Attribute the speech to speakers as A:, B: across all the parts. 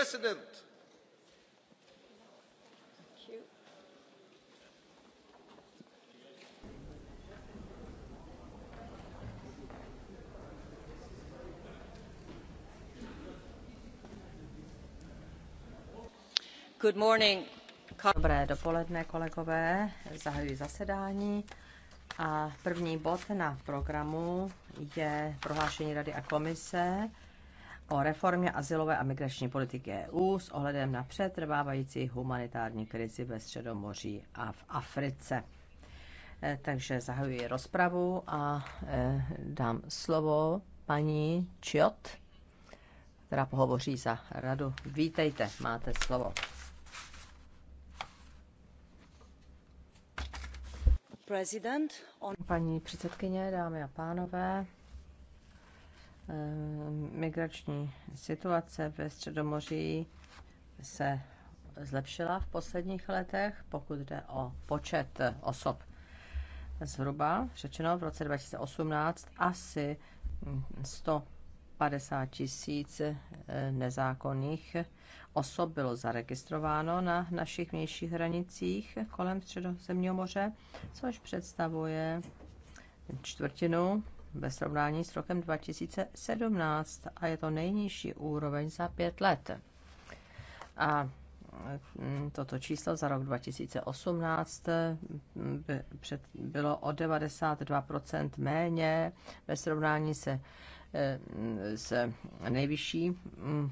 A: president.
B: Dobré dopoledne, kolegové. Zahajuji zasedání. A první bod na programu je prohlášení Rady a komise o reformě asilové a migrační politiky EU s ohledem na přetrvávající humanitární krizi ve Středomoří a v Africe. E, takže zahajuji rozpravu a e, dám slovo paní Čiot, která pohovoří za radu. Vítejte, máte slovo. Paní předsedkyně, dámy a pánové, Eh, migrační situace ve Středomoří se zlepšila v posledních letech, pokud jde o počet osob. Zhruba řečeno v roce 2018 asi 150 tisíc eh, nezákonných osob bylo zaregistrováno na našich vnějších hranicích kolem Středozemního moře, což představuje čtvrtinu ve srovnání s rokem 2017 a je to nejnižší úroveň za pět let. A mm, toto číslo za rok 2018 mm, bylo o 92% méně ve srovnání se Eh, s nejvyšším mm,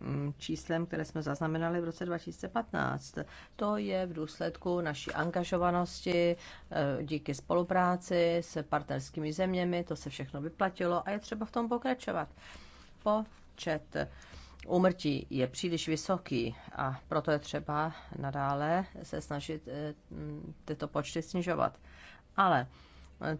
B: mm, číslem, které jsme zaznamenali v roce 2015. To je v důsledku naší angažovanosti eh, díky spolupráci s partnerskými zeměmi, to se všechno vyplatilo a je třeba v tom pokračovat. Počet úmrtí je příliš vysoký a proto je třeba nadále se snažit eh, tyto počty snižovat. Ale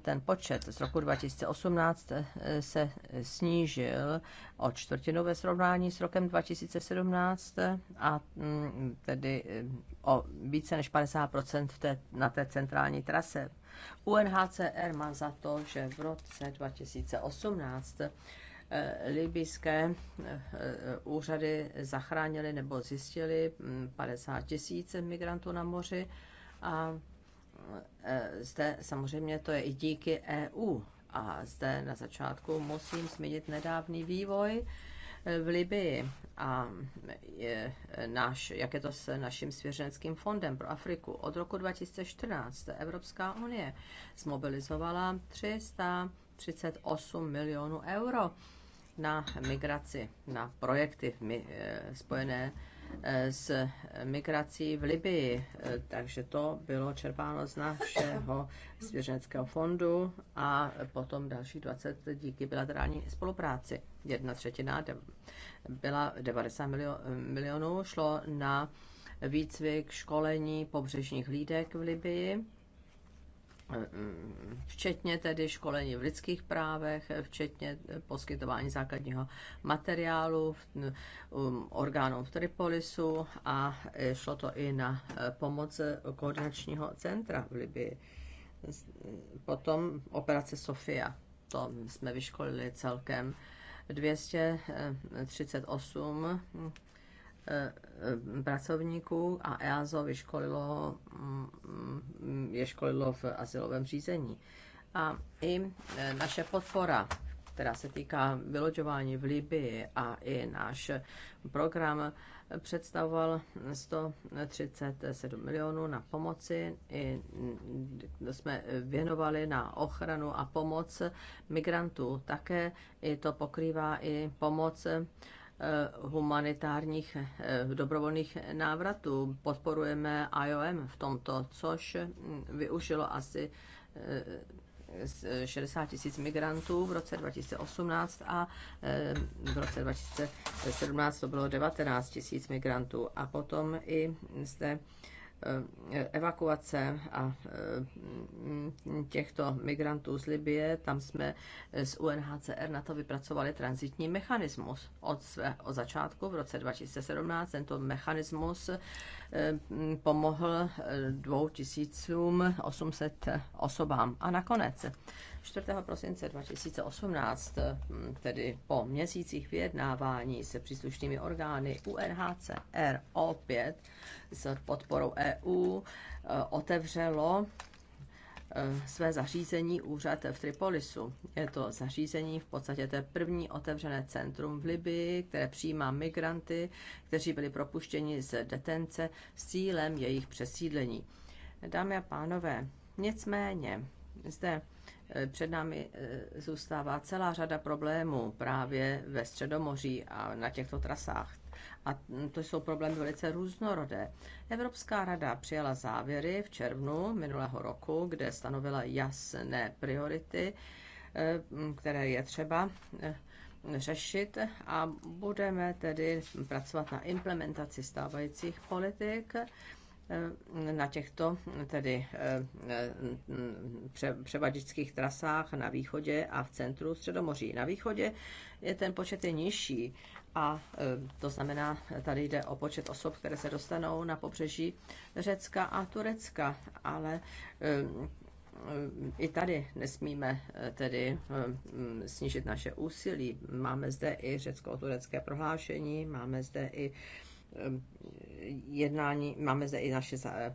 B: ten počet z roku 2018 eh, se snížil o čtvrtinu ve srovnání s rokem 2017 eh, a mm, tedy eh, o více než 50 v té, na té centrální trase. UNHCR má za to, že v roce 2018 libyské úřady zachránili nebo zjistili 50 mm, tisíc migrantů na moři a Eh, zde samozřejmě to je i díky EU. A zde na začátku musím zmínit nedávný vývoj eh, v Libii a je eh, naš, jak je to s naším svěřenským fondem pro Afriku. Od roku 2014 Evropská unie zmobilizovala 338 milionů euro na migraci, na projekty spojené s migrací v Libii, takže to bylo čerpáno z našeho svěřenského fondu a potom další 20 díky bilaterální spolupráci. Jedna třetina byla 90 milionů, šlo na výcvik, školení pobřežních lídek v Libii včetně tedy školení v lidských právech, včetně poskytování základního materiálu um, orgánům v Tripolisu a e, šlo to i na e, pomoc koordinačního centra v Libii. Potom operace Sofia, to jsme vyškolili celkem 238 Eh, pracovníků a EASO vyškolilo, mm, je školilo v asilovém řízení. A i eh, naše podpora, která se týká vyloďování v Libii a i náš program představoval 137 milionů na pomoci. I mm, jsme věnovali na ochranu a pomoc migrantů. Také i to pokrývá i pomoc Eh, humanitárních eh, dobrovolných návratů. Podporujeme IOM v tomto, což mm, využilo asi 60 eh, tisíc migrantů v roce 2018 a v roce 2017 to bylo 19 tisíc migrantů. A potom i zde Eh, evakuace a eh, těchto migrantů z Libie, tam jsme z eh, UNHCR na to vypracovali transitní mechanismus. Od, své, od začátku v roce 2017 tento mechanismus pomohl 2800 osobám. A nakonec 4. prosince 2018, hm, tedy po měsících vyjednávání se příslušnými orgány UNHCR opět s podporou EU eh, otevřelo eh, své zařízení úřad v Tripolisu. Je to zařízení v podstatě to je první otevřené centrum v Libii, které přijímá migranty, kteří byli propuštěni z detence s cílem jejich přesídlení. Dámy a pánové, nicméně zde Eh, před námi eh, zůstává celá řada problémů právě ve Středomoří a na těchto trasách. A mm, to jsou problémy velice různorodé. Evropská rada přijala závěry v červnu minulého roku, kde stanovila jasné priority, eh, mm, které je třeba řešit a budeme tedy pracovat na implementaci stávajících politik Eh, na těchto tedy eh, eh, převaděčských trasách na východě a v centru Středomoří. Na východě je ten počet je nižší a to znamená, tady jde o počet osob, které se dostanou na pobřeží Řecka a Turecka, ale i tady nesmíme tedy snížit naše úsilí. Máme zde i řecko-turecké prohlášení, máme zde i Ehm, jednání, máme zde i naše ehm,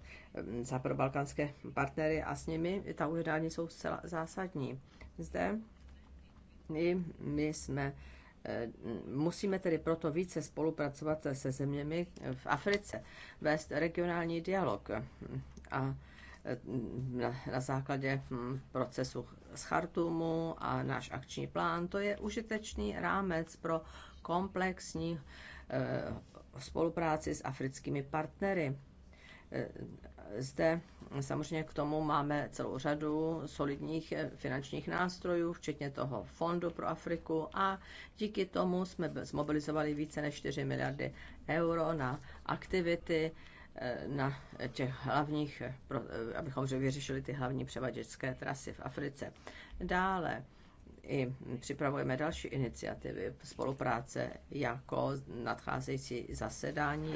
B: západobalkanské partnery a s nimi ta ujednání jsou zcela zásadní. Zde i my jsme ehm, Musíme tedy proto více spolupracovat se zeměmi v Africe, vést regionální dialog a na, na základě hm, procesu z Chartumu a náš akční plán. To je užitečný rámec pro komplexní Eh, spolupráci s africkými partnery. Eh, zde samozřejmě k tomu máme celou řadu solidních eh, finančních nástrojů, včetně toho Fondu pro Afriku a díky tomu jsme zmobilizovali více než 4 miliardy euro na aktivity na těch hlavních, abychom vyřešili ty hlavní převaděčské trasy v Africe. Dále i připravujeme další iniciativy spolupráce jako nadcházející zasedání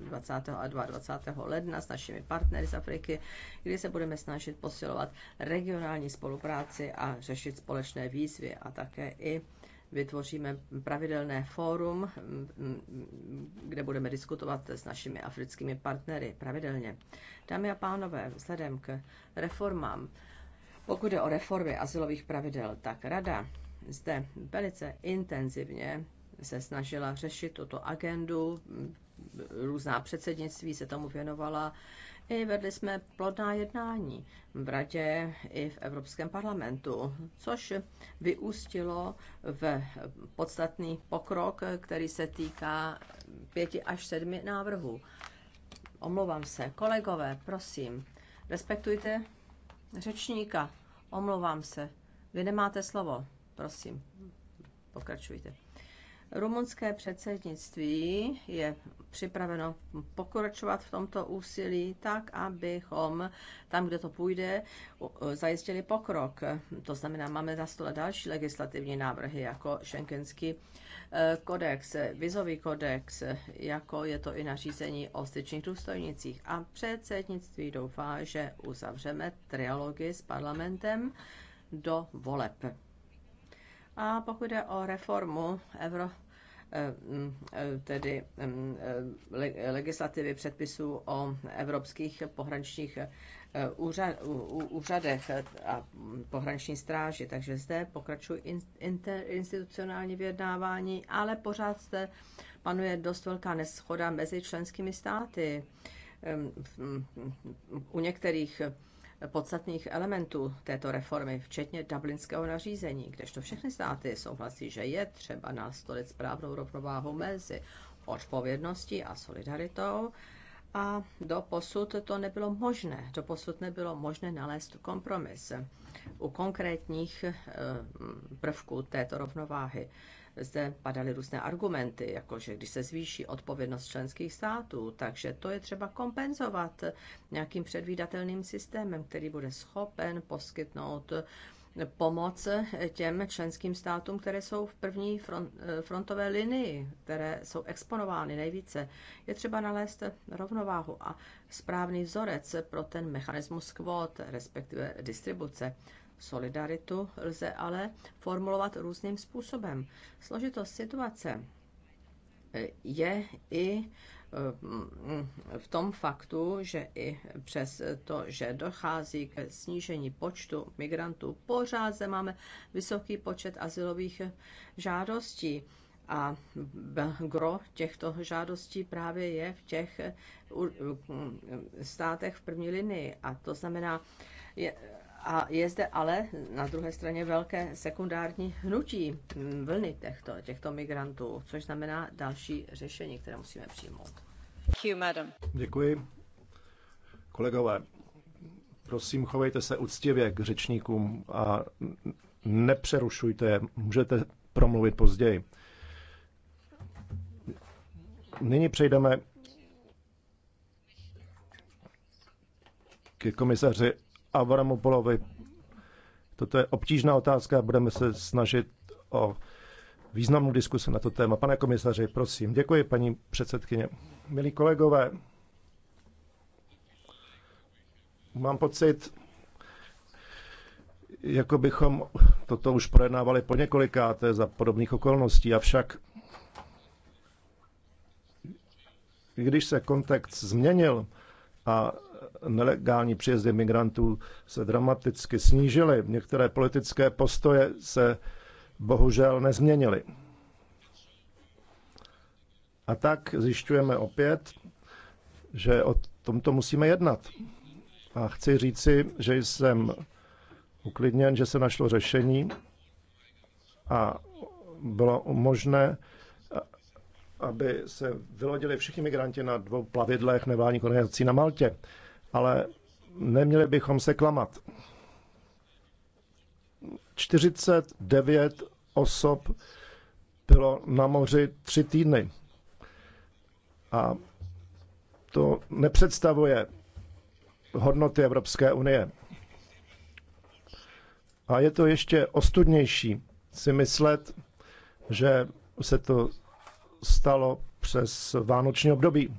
B: 21. a 22. ledna s našimi partnery z Afriky, kdy se budeme snažit posilovat regionální spolupráci a řešit společné výzvy a také i vytvoříme pravidelné fórum, kde budeme diskutovat s našimi africkými partnery pravidelně. Dámy a pánové, vzhledem k reformám, pokud jde o reformy asilových pravidel, tak Rada zde velice intenzivně se snažila řešit tuto agendu, různá předsednictví se tomu věnovala. I vedli jsme plodná jednání v Radě i v Evropském parlamentu, což vyústilo v podstatný pokrok, který se týká pěti až sedmi návrhů. Omlouvám se. Kolegové, prosím, respektujte řečníka. Omlouvám se. Vy nemáte slovo. Prosím, pokračujte. Rumunské předsednictví je připraveno pokračovat v tomto úsilí tak, abychom tam, kde to půjde, zajistili pokrok. To znamená, máme na stole další legislativní návrhy, jako šenkenský eh, kodex, vizový kodex, jako je to i nařízení o styčných důstojnicích. A předsednictví doufá, že uzavřeme trialogy s parlamentem do voleb. A pokud jde o reformu Euro Eh, tedy eh, legislativy předpisů o evropských pohraničních eh, úřadech a pohraniční stráži. Takže zde pokračují interinstitucionální vyjednávání, ale pořád zde panuje dost velká neschoda mezi členskými státy. Ehm, u některých podstatných elementů této reformy, včetně dublinského nařízení, kdežto všechny státy souhlasí, že je třeba nastolit správnou rovnováhu mezi odpovědností a solidaritou. A do posud to nebylo možné. Do posud nebylo možné nalézt kompromis u konkrétních eh, prvků této rovnováhy zde padaly různé argumenty, jako že když se zvýší odpovědnost členských států, takže to je třeba kompenzovat nějakým předvídatelným systémem, který bude schopen poskytnout pomoc těm členským státům, které jsou v první frontové linii, které jsou exponovány nejvíce. Je třeba nalézt rovnováhu a správný vzorec pro ten mechanismus kvót, respektive distribuce. Solidaritu lze ale formulovat různým způsobem. Složitost situace eh, je i eh, v tom faktu, že i přes to, že dochází k snížení počtu migrantů, pořád zde máme vysoký počet asilových žádostí. A gro těchto žádostí právě je v těch státech v první linii. A to znamená, je, a je zde ale na druhé straně velké sekundární hnutí mm, vlny těchto, těchto migrantů, což znamená další řešení, které musíme přijmout.
C: Děkuji. Kolegové, prosím, chovejte se úctivě k řečníkům a nepřerušujte je. Můžete promluvit později. Nyní přejdeme ke komisaři Avramopolovi. Toto je obtížná otázka a budeme se snažit o významnou diskusi na to téma. Pane komisaři, prosím. Děkuji, paní předsedkyně. Milí kolegové, mám pocit, jako bychom toto už projednávali po několikáté za podobných okolností, avšak když se kontext změnil a nelegální příjezdy migrantů se dramaticky snížily. Některé politické postoje se bohužel nezměnily. A tak zjišťujeme opět, že o tomto musíme jednat. A chci říci, že jsem uklidněn, že se našlo řešení a bylo možné, aby se vylodili všichni migranti na dvou plavidlech nevládních organizací na Maltě ale neměli bychom se klamat. 49 osob bylo na moři tři týdny. A to nepředstavuje hodnoty Evropské unie. A je to ještě ostudnější si myslet, že se to stalo přes vánoční období.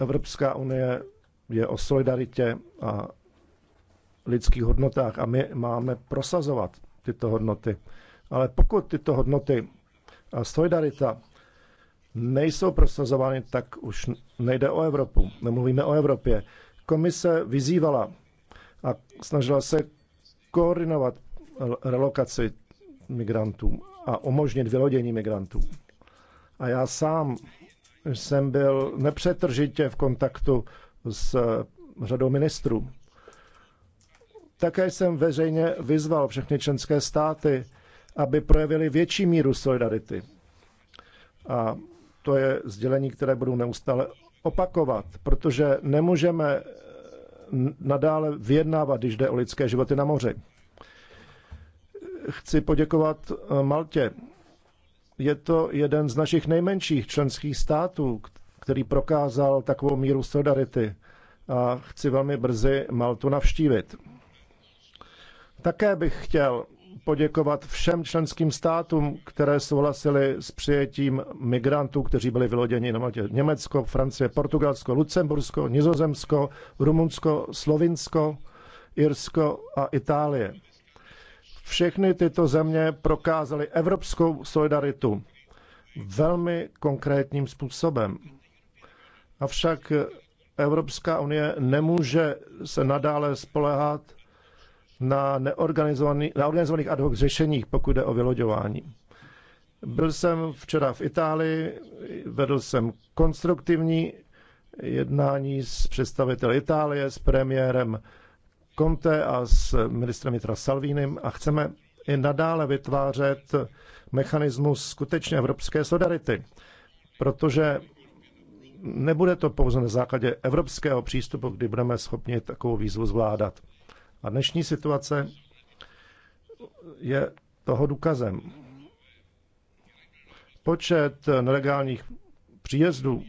C: Evropská unie je o solidaritě a lidských hodnotách a my máme prosazovat tyto hodnoty. Ale pokud tyto hodnoty a solidarita nejsou prosazovány, tak už nejde o Evropu. Nemluvíme o Evropě. Komise vyzývala a snažila se koordinovat relokaci migrantů a umožnit vylodění migrantů. A já sám jsem byl nepřetržitě v kontaktu s řadou ministrů. Také jsem veřejně vyzval všechny členské státy, aby projevili větší míru solidarity. A to je sdělení, které budu neustále opakovat, protože nemůžeme nadále vyjednávat, když jde o lidské životy na moři. Chci poděkovat Maltě je to jeden z našich nejmenších členských států, který prokázal takovou míru solidarity a chci velmi brzy Maltu navštívit. Také bych chtěl poděkovat všem členským státům, které souhlasili s přijetím migrantů, kteří byli vyloděni na Maltě. Německo, Francie, Portugalsko, Lucembursko, Nizozemsko, Rumunsko, Slovinsko, Irsko a Itálie. Všechny tyto země prokázaly evropskou solidaritu velmi konkrétním způsobem. Avšak Evropská unie nemůže se nadále spolehat na, na organizovaných ad hoc řešeních, pokud jde o vyloďování. Byl jsem včera v Itálii, vedl jsem konstruktivní jednání s představiteli Itálie, s premiérem Conte a s ministrem vnitra Salvínem a chceme i nadále vytvářet mechanismus skutečně evropské solidarity, protože nebude to pouze na základě evropského přístupu, kdy budeme schopni takovou výzvu zvládat. A dnešní situace je toho důkazem. Počet nelegálních příjezdů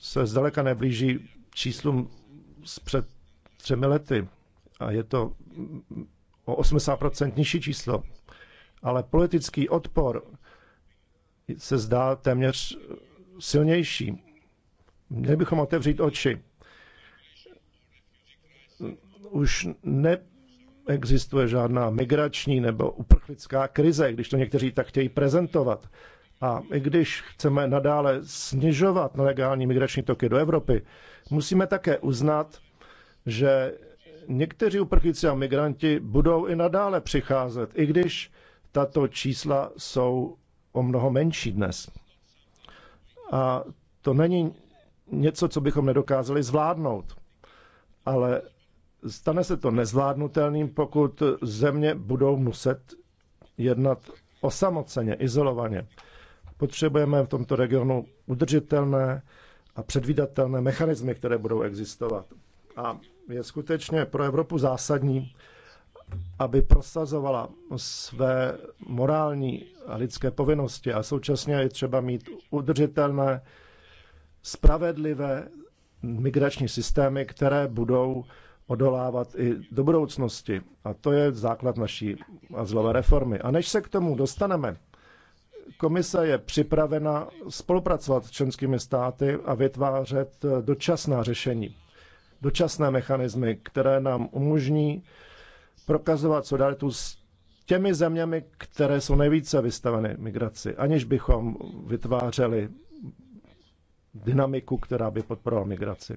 C: se zdaleka neblíží číslům z před třemi lety a je to o 80% nižší číslo. Ale politický odpor se zdá téměř silnější. Měli bychom otevřít oči. Už neexistuje žádná migrační nebo uprchlická krize, když to někteří tak chtějí prezentovat. A i když chceme nadále snižovat nelegální migrační toky do Evropy, musíme také uznat, že někteří uprchlíci a migranti budou i nadále přicházet, i když tato čísla jsou o mnoho menší dnes. A to není něco, co bychom nedokázali zvládnout. Ale stane se to nezvládnutelným, pokud země budou muset jednat osamoceně, izolovaně. Potřebujeme v tomto regionu udržitelné a předvídatelné mechanismy, které budou existovat a je skutečně pro Evropu zásadní, aby prosazovala své morální a lidské povinnosti a současně je třeba mít udržitelné, spravedlivé migrační systémy, které budou odolávat i do budoucnosti. A to je základ naší azylové reformy. A než se k tomu dostaneme, komise je připravena spolupracovat s členskými státy a vytvářet dočasná řešení dočasné mechanismy, které nám umožní prokazovat solidaritu s těmi zeměmi, které jsou nejvíce vystaveny migraci, aniž bychom vytvářeli dynamiku, která by podporovala migraci.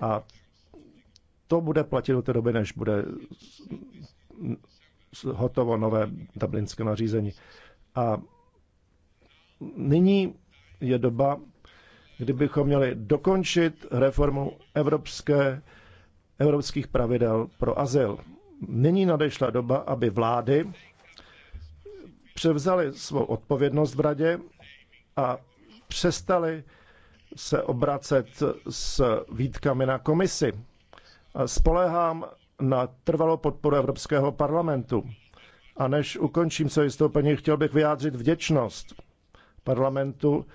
C: A to bude platit do té doby, než bude hotovo nové dublinské nařízení. A nyní je doba kdybychom měli dokončit reformu evropské, evropských pravidel pro azyl. Nyní nadešla doba, aby vlády převzali svou odpovědnost v radě a přestali se obracet s výtkami na komisi. Spolehám na trvalou podporu Evropského parlamentu. A než ukončím své vystoupení, chtěl bych vyjádřit vděčnost parlamentu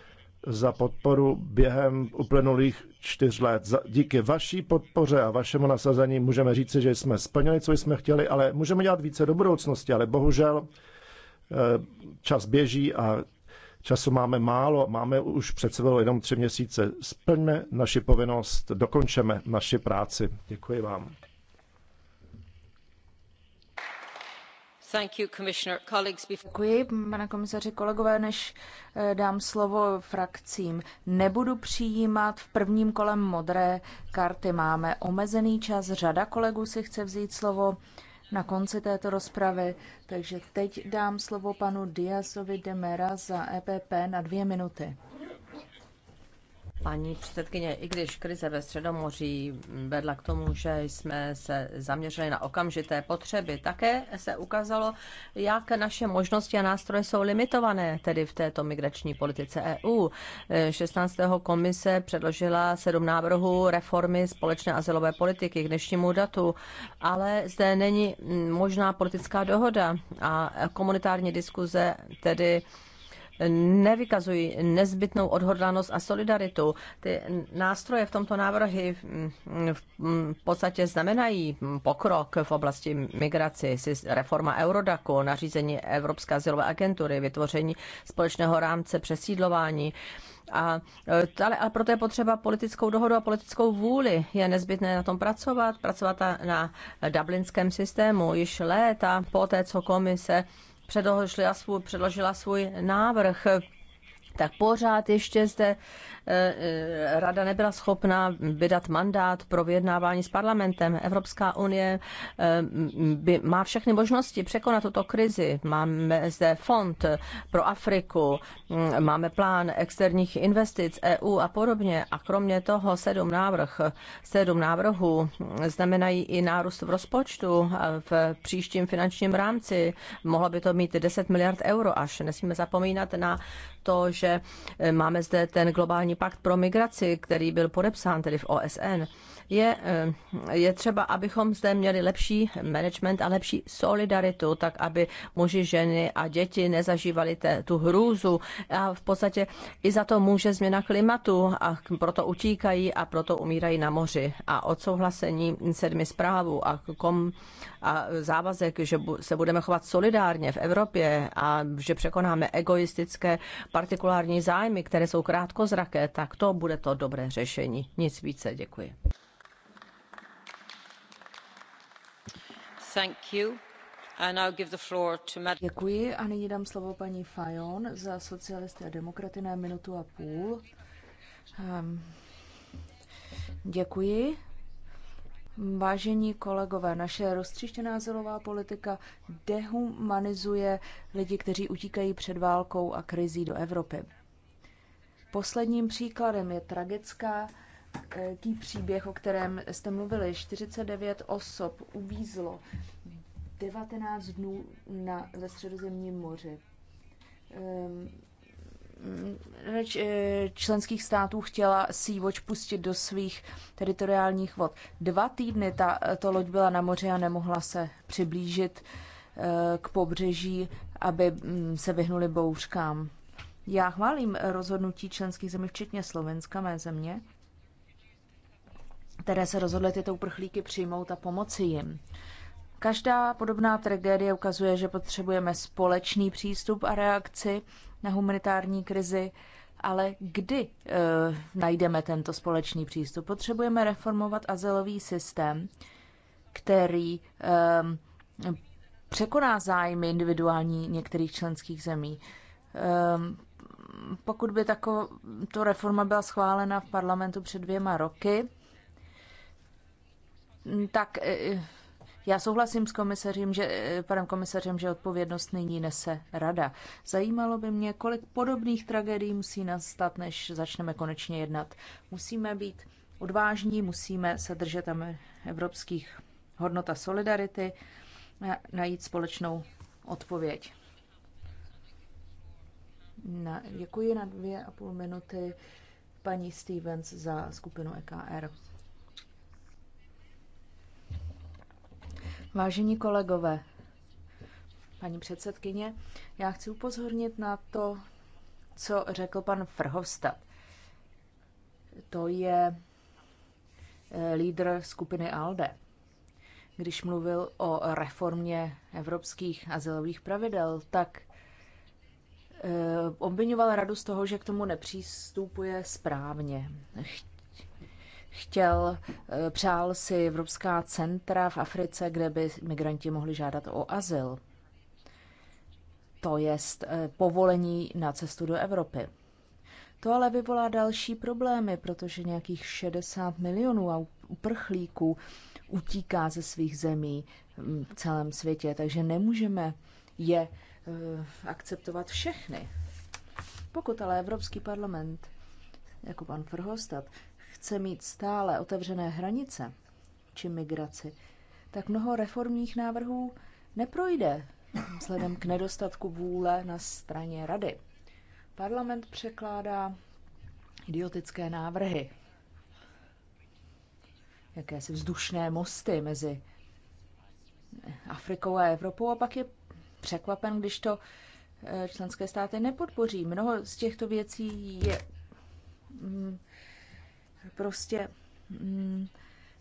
C: za podporu během uplynulých čtyř let. Díky vaší podpoře a vašemu nasazení můžeme říci, že jsme splnili, co jsme chtěli, ale můžeme dělat více do budoucnosti, ale bohužel eh, čas běží a času máme málo, máme už před sebou jenom tři měsíce. Splňme naši povinnost, dokončeme naši práci. Děkuji vám.
D: Děkuji, pane komisaři, kolegové, než eh, dám slovo frakcím. Nebudu přijímat v prvním kolem modré karty. Máme omezený čas, řada kolegů si chce vzít slovo na konci této rozpravy, takže teď dám slovo panu Diasovi de Mera za EPP na dvě minuty.
B: Paní předsedkyně, i když krize ve Středomoří vedla k tomu, že jsme se zaměřili na okamžité potřeby, také se ukázalo, jak naše možnosti a nástroje jsou limitované, tedy v této migrační politice EU. 16. komise předložila sedm návrhů reformy společné asilové politiky k dnešnímu datu, ale zde není možná politická dohoda a komunitární diskuze tedy nevykazují nezbytnou odhodlanost a solidaritu. Ty nástroje v tomto návrhy v podstatě znamenají pokrok v oblasti migraci, reforma Eurodaku, nařízení Evropské asilové agentury, vytvoření společného rámce přesídlování. A, e, ale, ale proto je potřeba politickou dohodu a politickou vůli. Je nezbytné na tom pracovat, pracovat na dublinském systému již léta po té, co komise předložila svůj, předložila svůj návrh, tak pořád ještě zde Eh, eh, rada nebyla schopna vydat mandát pro vyjednávání s parlamentem. Evropská unie eh, by, má všechny možnosti překonat tuto krizi. Máme zde fond pro Afriku, mm, máme plán externích investic EU a podobně. A kromě toho sedm, návrh, sedm návrhů znamenají i nárůst v rozpočtu v příštím finančním rámci. Mohlo by to mít 10 miliard euro až. Nesmíme zapomínat na to, že máme zde ten globální pakt pro migraci, který byl podepsán tedy v OSN je, eh, je třeba, abychom zde měli lepší management a lepší solidaritu, tak aby muži, ženy a děti nezažívali te, tu hrůzu. A v podstatě i za to může změna klimatu a proto utíkají a proto umírají na moři. A odsouhlasení sedmi zprávu a, kom, a závazek, že se budeme chovat solidárně v Evropě a že překonáme egoistické partikulární zájmy, které jsou krátkozraké, tak to bude to dobré řešení. Nic
D: více, děkuji. Děkuji a nyní dám slovo paní Fajon za socialisty a demokraty na minutu a půl. Ehm, děkuji. Vážení kolegové, naše roztříštěná zelová politika dehumanizuje lidi, kteří utíkají před válkou a krizí do Evropy. Posledním příkladem je tragická velký příběh, o kterém jste mluvili. 49 osob uvízlo 19 dnů na, ve středozemním moři. Reč ehm, eh, členských států chtěla Sea-Watch pustit do svých teritoriálních vod. Dva týdny ta, to loď byla na moři a nemohla se přiblížit eh, k pobřeží, aby mm, se vyhnuli bouřkám. Já chválím rozhodnutí členských zemí, včetně Slovenska, mé země, které se rozhodly tyto uprchlíky přijmout a pomoci jim. Každá podobná tragédie ukazuje, že potřebujeme společný přístup a reakci na humanitární krizi, ale kdy e, najdeme tento společný přístup? Potřebujeme reformovat azylový systém, který e, překoná zájmy individuální některých členských zemí. E, pokud by taková reforma byla schválena v parlamentu před dvěma roky, tak e, e, já souhlasím s komisařem, že, e, panem komisařem, že odpovědnost nyní nese rada. Zajímalo by mě, kolik podobných tragédií musí nastat, než začneme konečně jednat. Musíme být odvážní, musíme se držet tam evropských hodnot a solidarity, a najít společnou odpověď. Na, děkuji na dvě a půl minuty paní Stevens za skupinu EKR. Vážení kolegové, paní předsedkyně, já chci upozornit na to, co řekl pan Frhovstad. To je eh, lídr skupiny ALDE. Když mluvil o reformě evropských azylových pravidel, tak eh, obvinoval radu z toho, že k tomu nepřistupuje správně chtěl, eh, přál si evropská centra v Africe, kde by migranti mohli žádat o azyl, to je eh, povolení na cestu do Evropy. To ale vyvolá další problémy, protože nějakých 60 milionů uprchlíků utíká ze svých zemí hm, v celém světě, takže nemůžeme je eh, akceptovat všechny. Pokud ale Evropský parlament, jako pan Verhofstadt, chce mít stále otevřené hranice či migraci, tak mnoho reformních návrhů neprojde vzhledem k nedostatku vůle na straně rady. Parlament překládá idiotické návrhy, jakési vzdušné mosty mezi Afrikou a Evropou a pak je překvapen, když to eh, členské státy nepodpoří. Mnoho z těchto věcí je mm, prostě mm,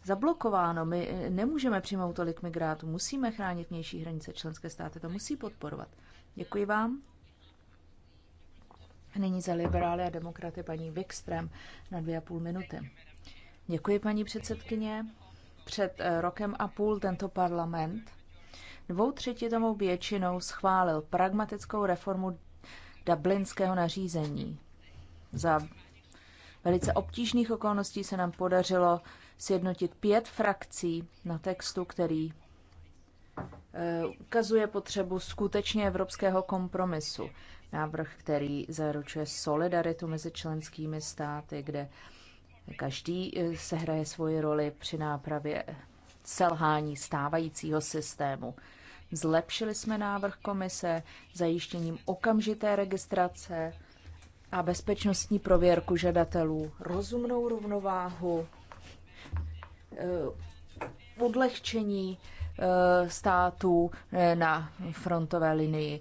D: zablokováno. My nemůžeme přijmout tolik migrátů, musíme chránit vnější hranice, členské státy to musí podporovat. Děkuji vám. Nyní za liberály a demokraty paní Wikström na dvě a půl minuty. Děkuji, paní předsedkyně. Před eh, rokem a půl tento parlament dvoutřetinovou většinou schválil pragmatickou reformu dublinského nařízení. Za velice obtížných okolností se nám podařilo sjednotit pět frakcí na textu, který eh, ukazuje potřebu skutečně evropského kompromisu. Návrh, který zaručuje solidaritu mezi členskými státy, kde každý eh, hraje svoji roli při nápravě selhání stávajícího systému. Zlepšili jsme návrh komise zajištěním okamžité registrace a bezpečnostní prověrku žadatelů, rozumnou rovnováhu, eh, odlehčení eh, států eh, na frontové linii.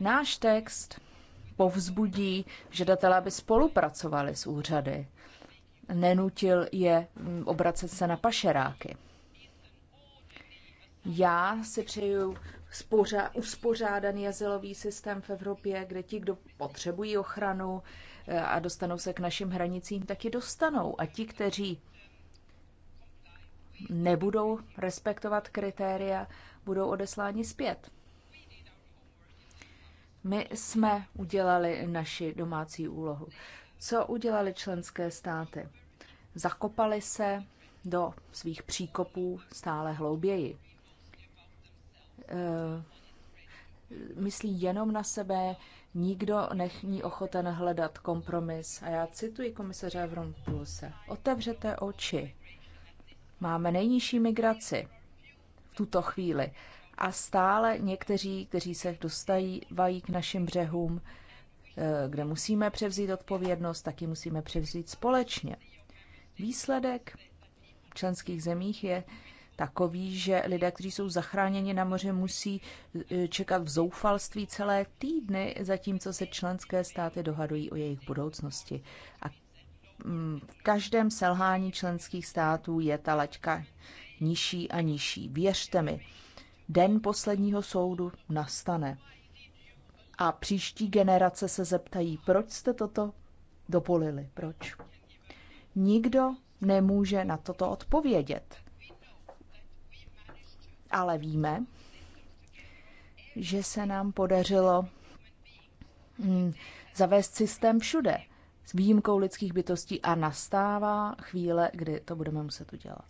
D: Náš text povzbudí žadatele, aby spolupracovali s úřady. Nenutil je mm, obracet se na pašeráky. Já si přeju uspořádaný azylový systém v Evropě, kde ti, kdo potřebují ochranu eh, a dostanou se k našim hranicím, tak ji dostanou. A ti, kteří nebudou respektovat kritéria, budou odesláni zpět. My jsme udělali naši domácí úlohu. Co udělali členské státy? Zakopali se do svých příkopů stále hlouběji. Eh, myslí jenom na sebe, nikdo není ochoten hledat kompromis. A já cituji komisaře Avrompulse. Otevřete oči. Máme nejnižší migraci v tuto chvíli. A stále někteří, kteří se vají k našim břehům, eh, kde musíme převzít odpovědnost, taky musíme převzít společně. Výsledek v členských zemích je takový, že lidé, kteří jsou zachráněni na moře, musí e, čekat v zoufalství celé týdny, zatímco se členské státy dohadují o jejich budoucnosti. A mm, v každém selhání členských států je ta laťka nižší a nižší. Věřte mi, den posledního soudu nastane. A příští generace se zeptají, proč jste toto dopolili, proč? Nikdo nemůže na toto odpovědět ale víme, že se nám podařilo hm, zavést systém všude s výjimkou lidských bytostí a nastává chvíle, kdy to budeme muset udělat.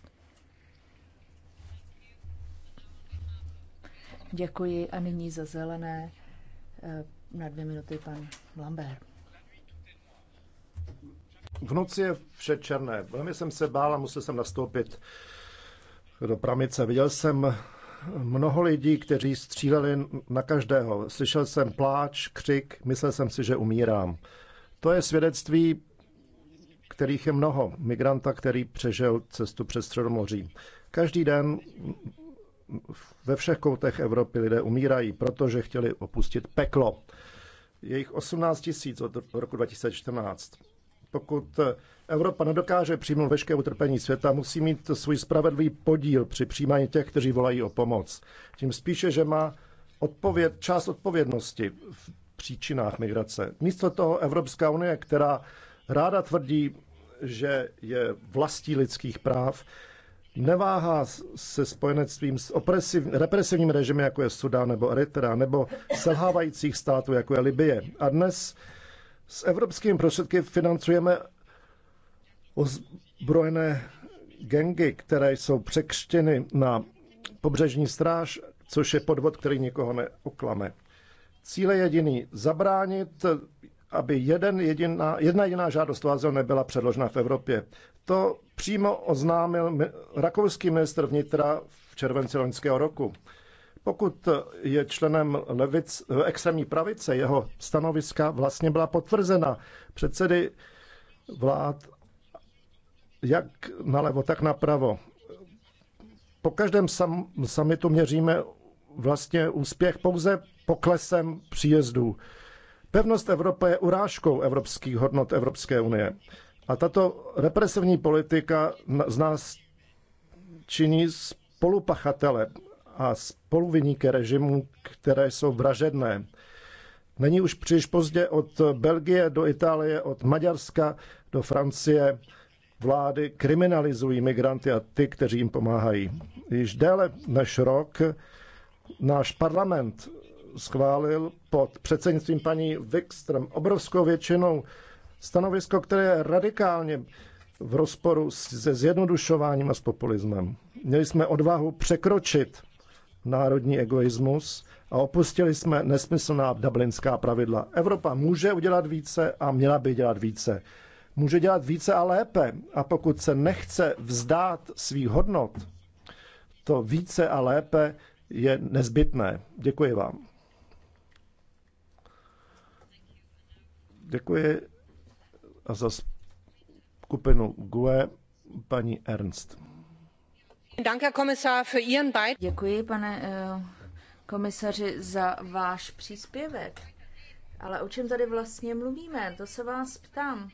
D: Děkuji a nyní za zelené eh, na dvě minuty pan Lambert.
C: V noci je vše černé. Velmi jsem se bál a musel jsem nastoupit do pramice. Viděl jsem mnoho lidí, kteří stříleli na každého. Slyšel jsem pláč, křik, myslel jsem si, že umírám. To je svědectví, kterých je mnoho. Migranta, který přežil cestu přes Středomoří. Každý den ve všech koutech Evropy lidé umírají, protože chtěli opustit peklo. Jejich 18 tisíc od roku 2014. Pokud Evropa nedokáže přijmout veškeré utrpení světa, musí mít svůj spravedlivý podíl při přijímání těch, kteří volají o pomoc. Tím spíše, že má odpověd, část odpovědnosti v příčinách migrace. Místo toho Evropská unie, která ráda tvrdí, že je vlastí lidských práv, neváhá se spojenectvím s opresiv, represivním režimy, jako je Sudán nebo Eritrea, nebo selhávajících států, jako je Libie. A dnes s evropskými prostředky financujeme ozbrojené gengy, které jsou překštěny na pobřežní stráž, což je podvod, který nikoho neoklame. Cíle jediný zabránit, aby jeden jediná, jedna jediná žádost o azyl nebyla předložena v Evropě. To přímo oznámil rakouský ministr vnitra v červenci loňského roku. Pokud je členem levic, extrémní pravice, jeho stanoviska vlastně byla potvrzena předsedy vlád jak nalevo, tak napravo. Po každém sam, summitu měříme vlastně úspěch pouze poklesem příjezdů. Pevnost Evropy je urážkou evropských hodnot Evropské unie. A tato represivní politika z nás činí spolupachatele a spoluviníky režimů, které jsou vražedné. Není už příliš pozdě od Belgie do Itálie, od Maďarska do Francie vlády kriminalizují migranty a ty, kteří jim pomáhají. Již déle než rok náš parlament schválil pod předsednictvím paní Wikström obrovskou většinou stanovisko, které je radikálně v rozporu se zjednodušováním a s populismem. Měli jsme odvahu překročit národní egoismus a opustili jsme nesmyslná dublinská pravidla. Evropa může udělat více a měla by dělat více může dělat více a lépe. A pokud se nechce vzdát svých hodnot, to více a lépe je nezbytné. Děkuji vám. Děkuji a za skupinu GUE paní Ernst.
D: Děkuji, pane eh, komisaři, za váš příspěvek. Ale o čem tady vlastně mluvíme? To se vás ptám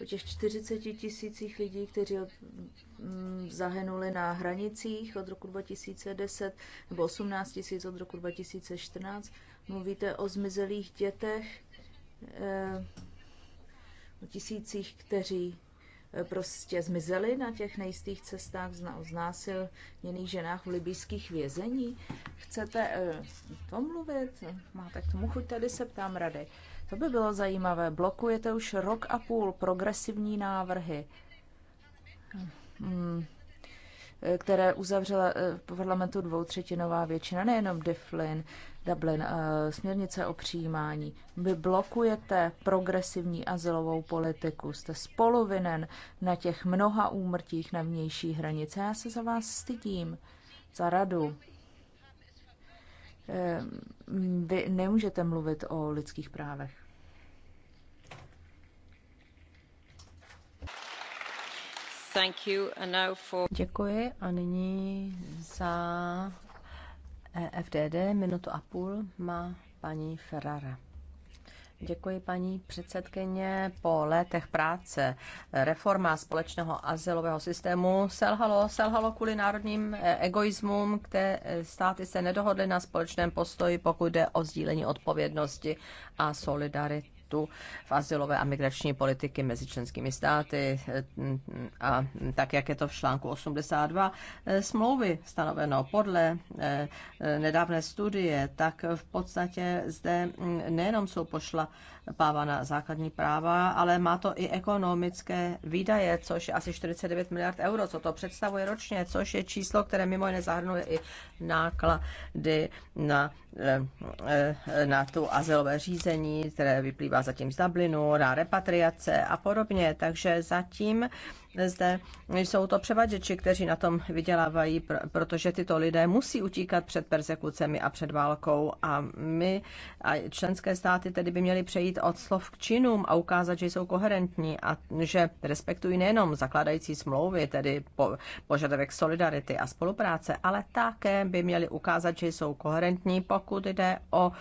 D: o těch 40 tisících lidí, kteří od, m, mm, zahynuli na hranicích od roku 2010 nebo 18 tisíc od roku 2014. Mluvíte o zmizelých dětech, e, o tisících, kteří eh, prostě zmizeli na těch nejistých cestách, o znásilněných ženách v libijských vězení. Chcete e, eh, to mluvit? Máte k tomu chuť? Tady se ptám rady. To by bylo zajímavé. Blokujete už rok a půl progresivní návrhy, mm, které uzavřela eh, v parlamentu dvoutřetinová většina, nejenom Deflin, Dublin, eh, směrnice o přijímání. Vy blokujete progresivní azylovou politiku, jste spoluvinen na těch mnoha úmrtích na vnější hranice. Já se za vás stydím, za radu. Eh, vy nemůžete mluvit o lidských právech.
B: Děkuji a nyní za EFDD minutu a půl má paní Ferrara. Děkuji, paní předsedkyně. Po letech práce reforma společného azylového systému selhalo, selhalo kvůli národním egoismům, které státy se nedohodly na společném postoji, pokud jde o sdílení odpovědnosti a solidarity konfliktu v asilové a migrační politiky mezi členskými státy eh, a tak, jak je to v článku 82 eh, smlouvy stanoveno podle eh, nedávné studie, tak v podstatě zde mm, nejenom jsou na základní práva, ale má to i ekonomické výdaje, což je asi 49 miliard euro, co to představuje ročně, což je číslo, které mimo jiné zahrnuje i náklady na, na tu azylové řízení, které vyplývá zatím z Dublinu, na repatriace a podobně, takže zatím zde jsou to převaděči, kteří na tom vydělávají, protože tyto lidé musí utíkat před persekucemi a před válkou a my a členské státy tedy by měly přejít od slov k činům a ukázat, že jsou koherentní a že respektují nejenom zakládající smlouvy, tedy po, požadavek solidarity a spolupráce, ale také by měly ukázat, že jsou koherentní, pokud jde o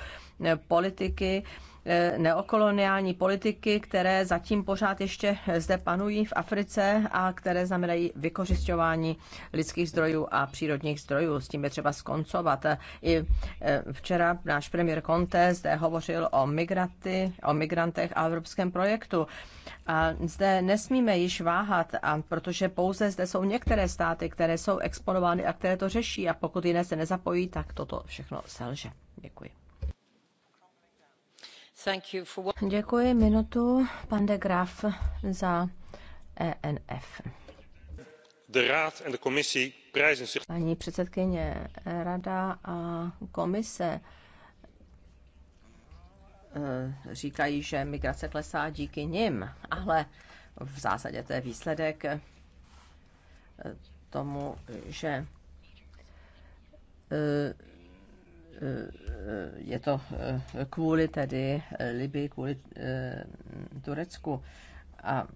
B: e, politiky, e, neokoloniální politiky, které zatím pořád ještě e, zde panují v Africe, a které znamenají vykořišťování lidských zdrojů a přírodních zdrojů. S tím je třeba skoncovat. I e, včera náš premiér Conte zde hovořil o, migraty, o migrantech a evropském projektu. A zde nesmíme již váhat, a protože pouze zde jsou některé státy, které jsou exponovány a které to řeší a pokud jiné se nezapojí, tak toto všechno selže. Děkuji. Děkuji minutu, pan de Graf, za E ENF. Paní předsedkyně, rada a komise eh, říkají, že migrace klesá díky nim, ale v zásadě to je výsledek eh, tomu, že eh, je to kvůli tedy Libii, kvůli Turecku. A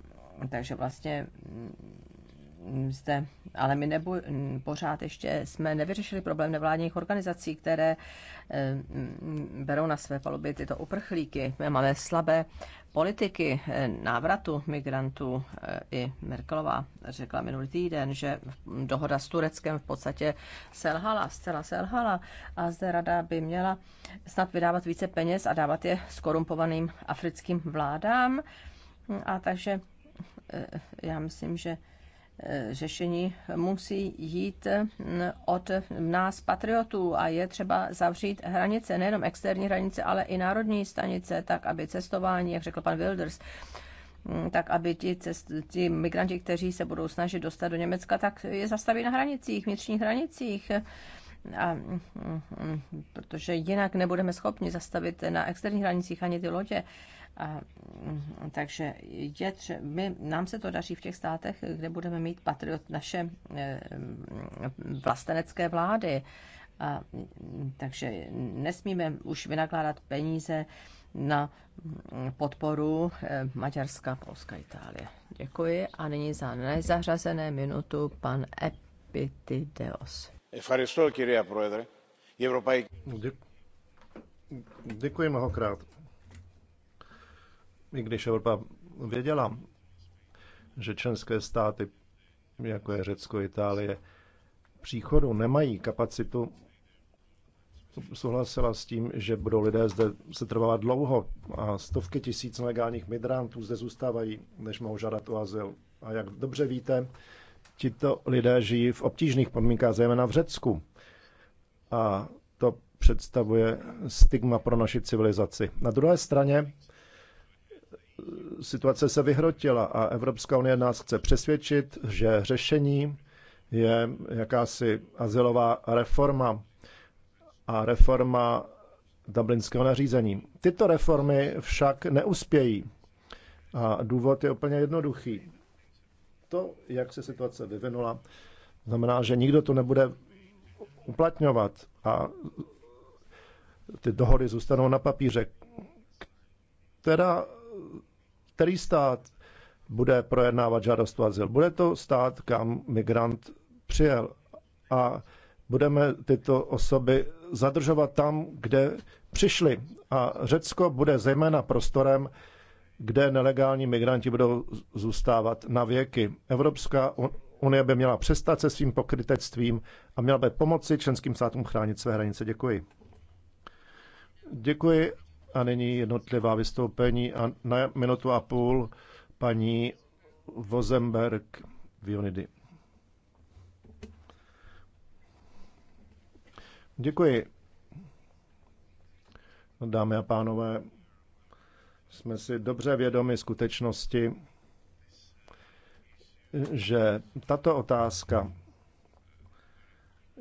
B: takže vlastně mm, zde, ale my nebo mm, pořád ještě jsme nevyřešili problém nevládních organizací, které eh, mm, berou na své paluby tyto uprchlíky. My máme slabé politiky eh, návratu migrantů. Eh, I Merkelová řekla minulý týden, že dohoda s Tureckem v podstatě selhala, zcela selhala a zde rada by měla snad vydávat více peněz a dávat je skorumpovaným africkým vládám. A takže Eh, já myslím, že eh, řešení musí jít mm, od nás patriotů a je třeba zavřít hranice, nejenom externí hranice, ale i národní stanice, tak aby cestování, jak řekl pan Wilders, mm, tak aby ti, cest, ti migranti, kteří se budou snažit dostat do Německa, tak je zastaví na hranicích, vnitřních hranicích. A, mm, protože jinak nebudeme schopni zastavit na externích hranicích ani ty lodě. Mm, takže je tře- my, nám se to daří v těch státech, kde budeme mít patriot naše e, mm, vlastenecké vlády. A, mm, takže nesmíme už vynakládat peníze na podporu e, Maďarska, Polska, Itálie. Děkuji a nyní za nezařazené minutu pan Epitideos.
C: Děkuji mnohokrát i když Evropa věděla, že členské státy, jako je Řecko, Itálie, příchodu nemají kapacitu, souhlasila s tím, že budou lidé zde se trvovat dlouho a stovky tisíc legálních migrantů zde zůstávají, než mohou žádat o azyl. A jak dobře víte, tito lidé žijí v obtížných podmínkách, zejména v Řecku. A to představuje stigma pro naši civilizaci. Na druhé straně situace se vyhrotila a Evropská unie nás chce přesvědčit, že řešení je jakási azylová reforma a reforma dublinského nařízení. Tyto reformy však neuspějí. A důvod je úplně jednoduchý. To, jak se situace vyvinula, znamená, že nikdo to nebude uplatňovat a ty dohody zůstanou na papíře, která který stát bude projednávat žádost o azyl. Bude to stát, kam migrant přijel. A budeme tyto osoby zadržovat tam, kde přišli. A Řecko bude zejména prostorem, kde nelegální migranti budou zůstávat na věky. Evropská unie by měla přestat se svým pokrytectvím a měla by pomoci členským státům chránit své hranice. Děkuji. Děkuji a nyní jednotlivá vystoupení a na minutu a půl paní Vozemberg Vionidy. Děkuji. Dámy a pánové, jsme si dobře vědomi skutečnosti, že tato otázka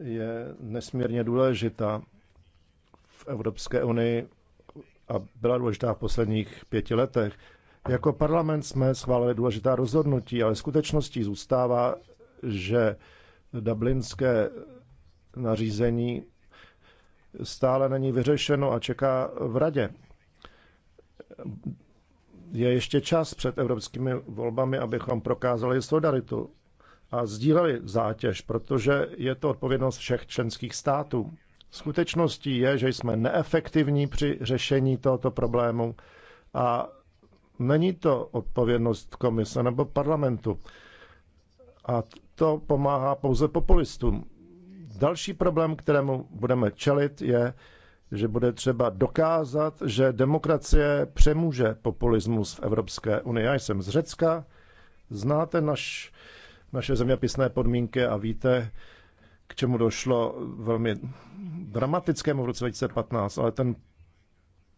C: je nesmírně důležitá v Evropské unii a byla důležitá v posledních pěti letech. Jako parlament jsme schválili důležitá rozhodnutí, ale skutečností zůstává, že dublinské nařízení stále není vyřešeno a čeká v radě. Je ještě čas před evropskými volbami, abychom prokázali solidaritu a sdíleli zátěž, protože je to odpovědnost všech členských států. Skutečností je, že jsme neefektivní při řešení tohoto problému a není to odpovědnost komise nebo parlamentu. A to pomáhá pouze populistům. Další problém, kterému budeme čelit, je, že bude třeba dokázat, že demokracie přemůže populismus v Evropské unii. Já jsem z Řecka, znáte naš, naše zeměpisné podmínky a víte, k čemu došlo velmi dramatickému v roce 2015, ale ten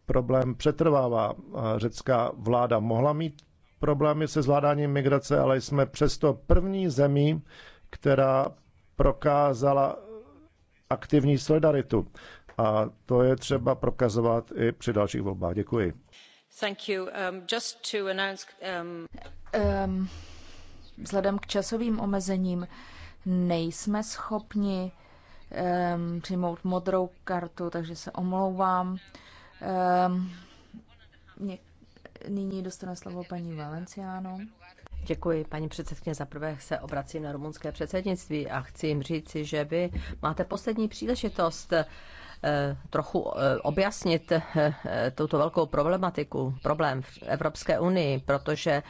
C: problém přetrvává. Řecká vláda mohla mít problémy se zvládáním migrace, ale jsme přesto první zemí, která prokázala aktivní solidaritu. A to je třeba prokazovat i při dalších volbách. Děkuji.
A: Thank you. Um, just to announce, um...
D: Um, vzhledem k časovým omezením, nejsme schopni um, přijmout modrou kartu, takže se omlouvám. Um, ehm, mě, nyní dostane slovo paní Valenciano.
B: Děkuji, paní předsedkyně. Za prvé se obracím na rumunské předsednictví a chci jim říci, že vy máte poslední příležitost eh, trochu eh, objasnit eh, tuto velkou problematiku, problém v Evropské unii, protože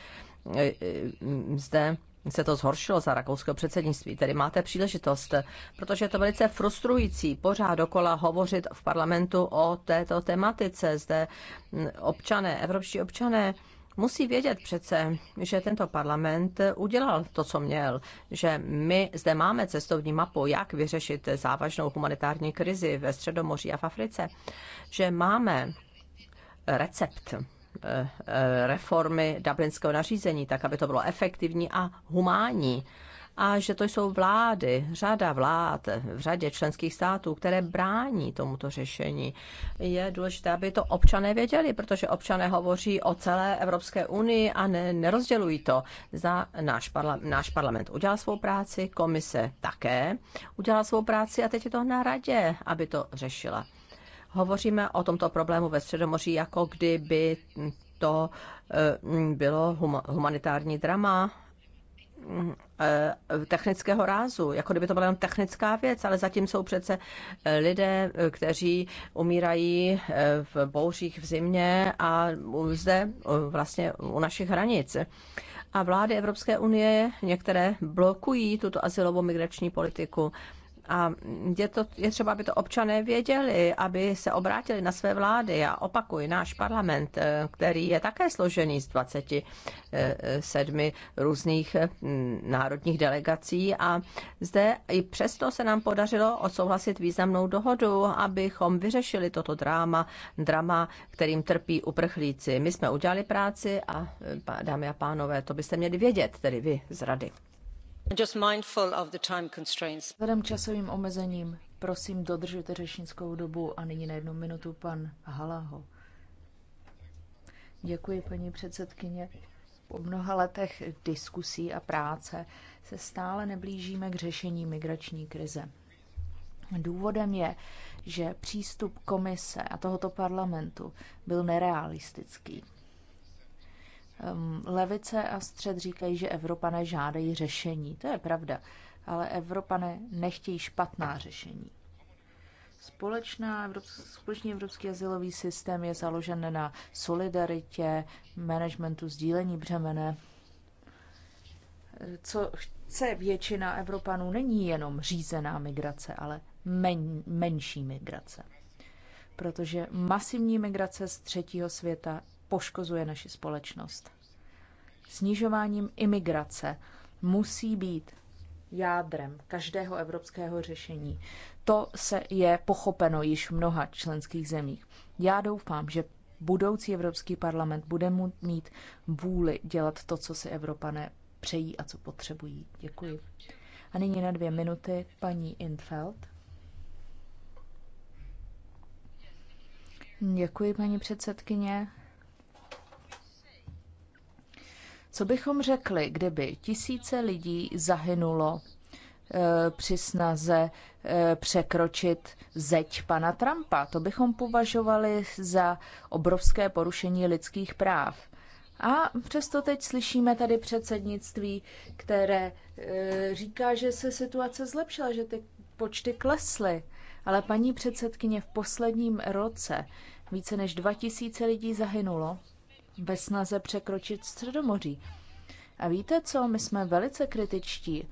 B: zde se to zhoršilo za rakouského předsednictví. Tedy máte příležitost, protože je to velice frustrující pořád dokola hovořit v parlamentu o této tematice. Zde občané, evropští občané, musí vědět přece, že tento parlament udělal to, co měl, že my zde máme cestovní mapu, jak vyřešit závažnou humanitární krizi ve Středomoří a v Africe, že máme recept Eh, eh, reformy dublinského nařízení, tak aby to bylo efektivní a humánní. A že to jsou vlády, řada vlád v řadě členských států, které brání tomuto řešení. Je důležité, aby to občané věděli, protože občané hovoří o celé Evropské unii a ne, nerozdělují to. Za náš, parla, náš parlament udělal svou práci, komise také udělala svou práci a teď je to na radě, aby to řešila. Hovoříme o tomto problému ve Středomoří, jako kdyby to eh, mm, bylo humanitární drama eh, eh, technického rázu, jako kdyby to byla jenom technická věc, ale zatím jsou přece lidé, kteří umírají v bouřích v zimě a zde vlastně u našich hranic. A vlády Evropské unie některé blokují tuto asilovou migrační politiku. A je, to, je třeba, aby to občané věděli, aby se obrátili na své vlády. A opakuji, náš parlament, eh, který je také složený z 27 eh, různých eh, národních delegací. A zde i přesto se nám podařilo odsouhlasit významnou dohodu, abychom vyřešili toto dráma, drama, kterým trpí uprchlíci. My jsme udělali práci a dámy a pánové, to byste měli vědět, tedy vy z rady.
D: Vzhledem k časovým omezením, prosím, dodržujte řečnickou dobu a nyní na jednu minutu pan Halaho. Děkuji, paní předsedkyně. Po mnoha letech diskusí a práce se stále neblížíme k řešení migrační krize. Důvodem je, že přístup komise a tohoto parlamentu byl nerealistický. Ehm, levice a střed říkají, že Evropané žádají řešení. To je pravda, ale Evropané nechtějí špatná řešení. Společná společný evropský asilový systém je založen na solidaritě, managementu sdílení břemene. Ehm, co chce většina Evropanů, není jenom řízená migrace, ale men, menší migrace. Protože masivní migrace z třetího světa poškozuje naši společnost. Snižováním imigrace musí být jádrem každého evropského řešení. To se je pochopeno již v mnoha členských zemích. Já doufám, že budoucí Evropský parlament bude mít vůli dělat to, co si Evropané přejí a co potřebují. Děkuji. A nyní na dvě minuty paní Infeld. Děkuji, paní předsedkyně. Co bychom řekli, kdyby tisíce lidí zahynulo e, při snaze e, překročit zeď pana Trumpa. To bychom považovali za obrovské porušení lidských práv. A přesto teď slyšíme tady předsednictví, které e, říká, že se situace zlepšila, že ty počty klesly. Ale paní předsedkyně, v posledním roce více než 2000 lidí zahynulo ve snaze překročit Středomoří. A víte co, my jsme velice kritičtí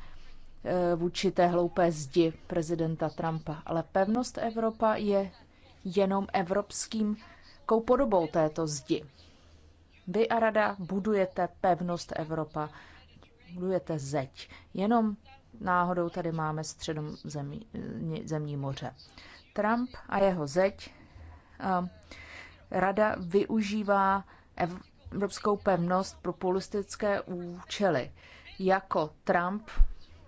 D: eh, vůči té hloupé zdi prezidenta Trumpa, ale pevnost Evropa je jenom evropským podobou této zdi. Vy a rada budujete pevnost Evropa, budujete zeď. Jenom náhodou tady máme středom zemí, eh, zemní moře. Trump a jeho zeď. A eh, rada využívá evropskou pevnost pro politické účely. Jako Trump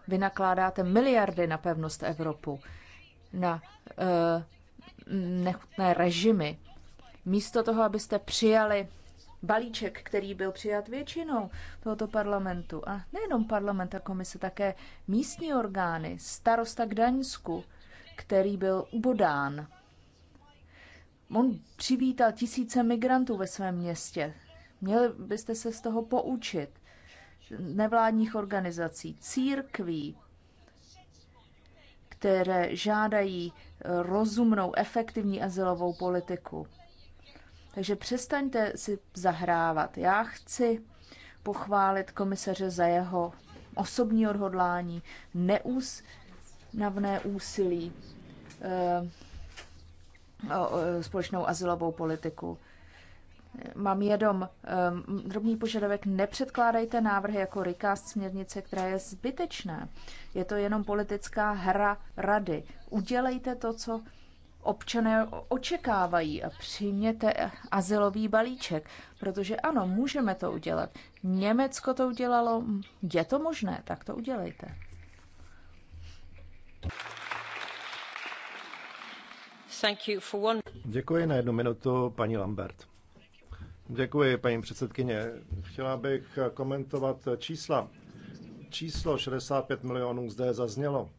D: vynakládáte miliardy na pevnost Evropu, na uh, nechutné režimy. Místo toho, abyste přijali balíček, který byl přijat většinou tohoto parlamentu. A nejenom parlament a komise, také místní orgány, starosta Gdaňsku, který byl ubodán On přivítal tisíce migrantů ve svém městě. Měli byste se z toho poučit. Nevládních organizací, církví, které žádají rozumnou, efektivní azylovou politiku. Takže přestaňte si zahrávat. Já chci pochválit komisaře za jeho osobní odhodlání, neúsnavné úsilí eh, společnou asilovou politiku. Mám jenom um, drobný požadavek, nepředkládejte návrhy jako rikast směrnice, která je zbytečná. Je to jenom politická hra rady. Udělejte to, co občané očekávají a přijměte asilový balíček, protože ano, můžeme to udělat. Německo to udělalo, je to možné, tak to udělejte.
C: Děkuji na jednu minutu, paní Lambert. Děkuji, paní předsedkyně. Chtěla bych komentovat čísla. Číslo 65 milionů zde zaznělo.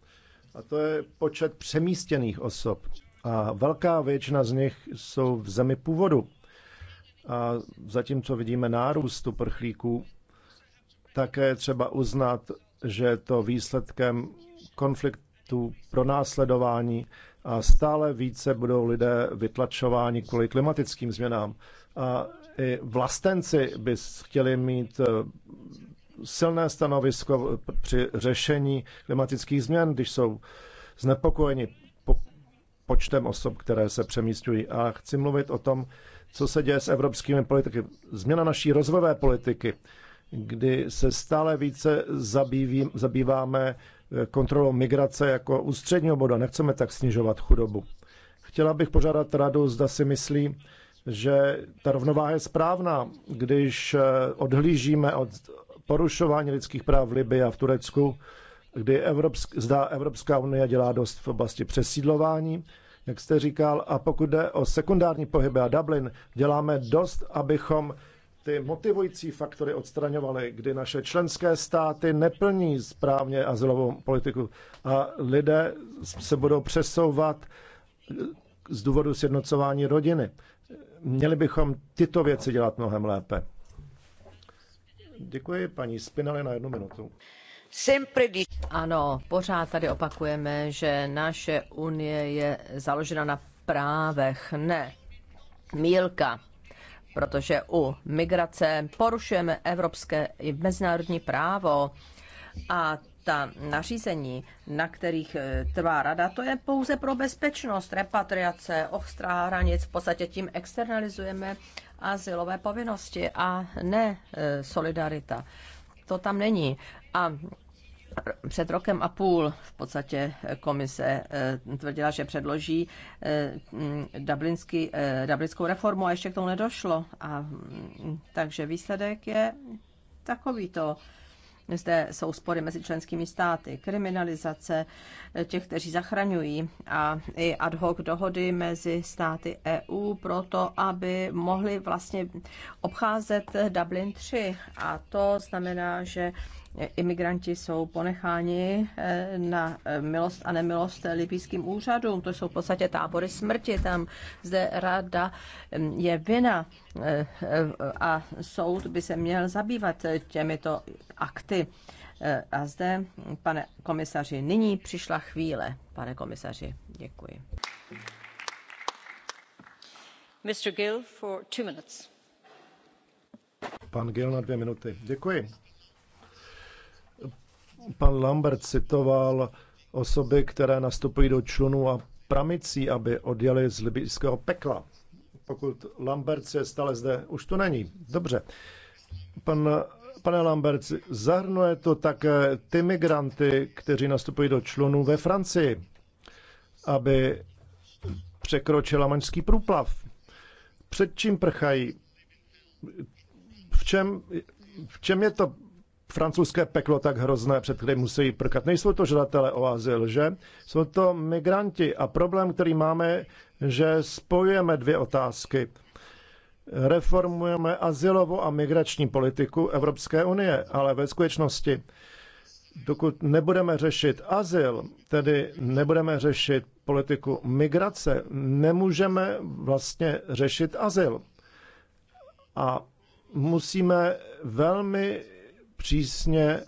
C: A to je počet přemístěných osob. A velká většina z nich jsou v zemi původu. A zatímco vidíme nárůst uprchlíků, také třeba uznat, že je to výsledkem konflikt tu pro následování a stále více budou lidé vytlačováni kvůli klimatickým změnám. A i vlastenci by chtěli mít eh, silné stanovisko při řešení klimatických změn, když jsou znepokojeni počtem osob, které se přemístují. A chci mluvit o tom, co se děje s evropskými politiky. Změna naší rozvojové politiky, kdy se stále více zabývím, zabýváme kontrolou migrace jako ústředního bodu. Nechceme tak snižovat chudobu. Chtěla bych požádat radu, zda si myslí, že ta rovnováha je správná, když eh, odhlížíme od porušování lidských práv v Libii a v Turecku, kdy Evropsk, zdá Evropská unie dělá dost v oblasti přesídlování, jak jste říkal, a pokud jde o sekundární pohyby a Dublin, děláme dost, abychom ty motivující faktory odstraňovaly, kdy naše členské státy neplní správně azylovou politiku a lidé se budou přesouvat z důvodu sjednocování rodiny. Měli bychom tyto věci dělat mnohem lépe. Děkuji paní Spinale na jednu minutu.
B: Ano, pořád tady opakujeme, že naše unie je založena na právech. Ne, mílka protože u migrace porušujeme evropské i mezinárodní právo a ta nařízení, na kterých e, trvá rada, to je pouze pro bezpečnost, repatriace, ostrá hranic, v podstatě tím externalizujeme asilové povinnosti a ne e, solidarita. To tam není. A před rokem a půl v podstatě komise eh, tvrdila, že předloží eh, dublinský, eh, dublinskou reformu a ještě k tomu nedošlo. A, mm, takže výsledek je takovýto. Zde jsou spory mezi členskými státy, kriminalizace těch, kteří zachraňují a i ad hoc dohody mezi státy EU pro to, aby mohli vlastně obcházet Dublin 3. A to znamená, že imigranti jsou ponecháni eh, na eh, milost a nemilost libijským úřadům. To jsou v podstatě tábory smrti. Tam zde rada mm, je vina eh, a soud by se měl zabývat těmito akty. A zde, pane komisaři, nyní přišla chvíle. Pane komisaři, děkuji.
A: Mr. Gill for two minutes.
B: Pan
C: Gill na dvě minuty. Děkuji. Pan Lambert citoval osoby, které nastupují do člunů a pramicí, aby odjeli z libijského pekla. Pokud Lambert je stále zde, už to není. Dobře. Pan, pane Lambert, zahrnuje to také ty migranty, kteří nastupují do člunů ve Francii, aby překročila maňský průplav. Před čím prchají? V čem, v čem je to francouzské peklo tak hrozné, před kterým musí prkat. Nejsou to žadatelé o azyl, že? Jsou to migranti. A problém, který máme, že spojujeme dvě otázky. Reformujeme azylovou a migrační politiku Evropské unie, ale ve skutečnosti, dokud nebudeme řešit azyl, tedy nebudeme řešit politiku migrace, nemůžeme vlastně řešit azyl. A musíme velmi přísně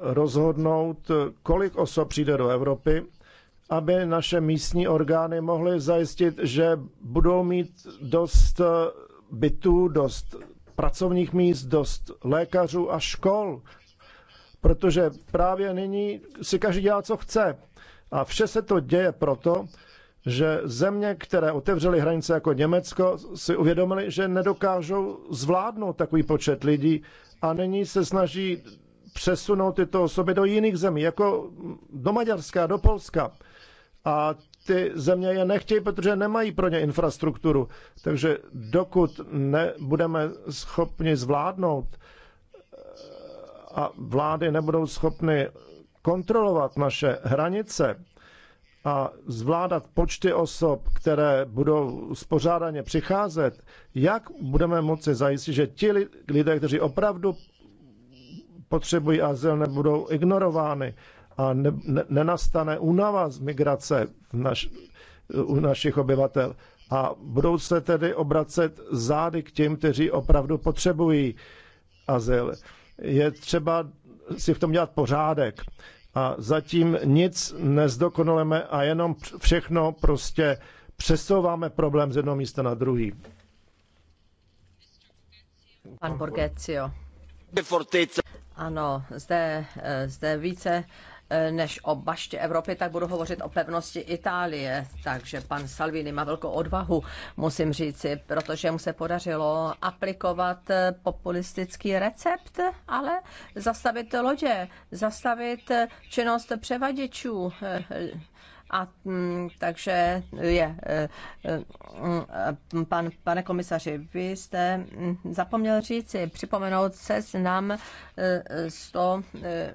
C: rozhodnout, kolik osob přijde do Evropy, aby naše místní orgány mohly zajistit, že budou mít dost bytů, dost pracovních míst, dost lékařů a škol. Protože právě nyní si každý dělá, co chce. A vše se to děje proto, že země, které otevřely hranice jako Německo, si uvědomili, že nedokážou zvládnout takový počet lidí a nyní se snaží přesunout tyto osoby do jiných zemí, jako do Maďarska, do Polska. A ty země je nechtějí, protože nemají pro ně infrastrukturu. Takže dokud nebudeme schopni zvládnout eh, a vlády nebudou schopny kontrolovat naše hranice, a zvládat počty osob, které budou spořádaně přicházet, jak budeme moci zajistit, že ti lidé, kteří opravdu potřebují azyl, nebudou ignorovány a ne, ne, nenastane únava z migrace v naš, u našich obyvatel. A budou se tedy obracet zády k těm, kteří opravdu potřebují azyl. Je třeba si v tom dělat pořádek a zatím nic nezdokonaleme a jenom všechno prostě přesouváme problém z jednoho místa na druhý.
B: Pan Borgecio. Ano, zde, eh, zde více než o baště Evropy, tak budu hovořit o pevnosti Itálie. Takže pan Salvini má velkou odvahu, musím říci, protože mu se podařilo aplikovat populistický recept, ale zastavit lodě, zastavit činnost převaděčů, a mm, takže je, mm, pan, pane komisaři, vy jste mm, zapomněl říci, připomenout se nám 100 e, e,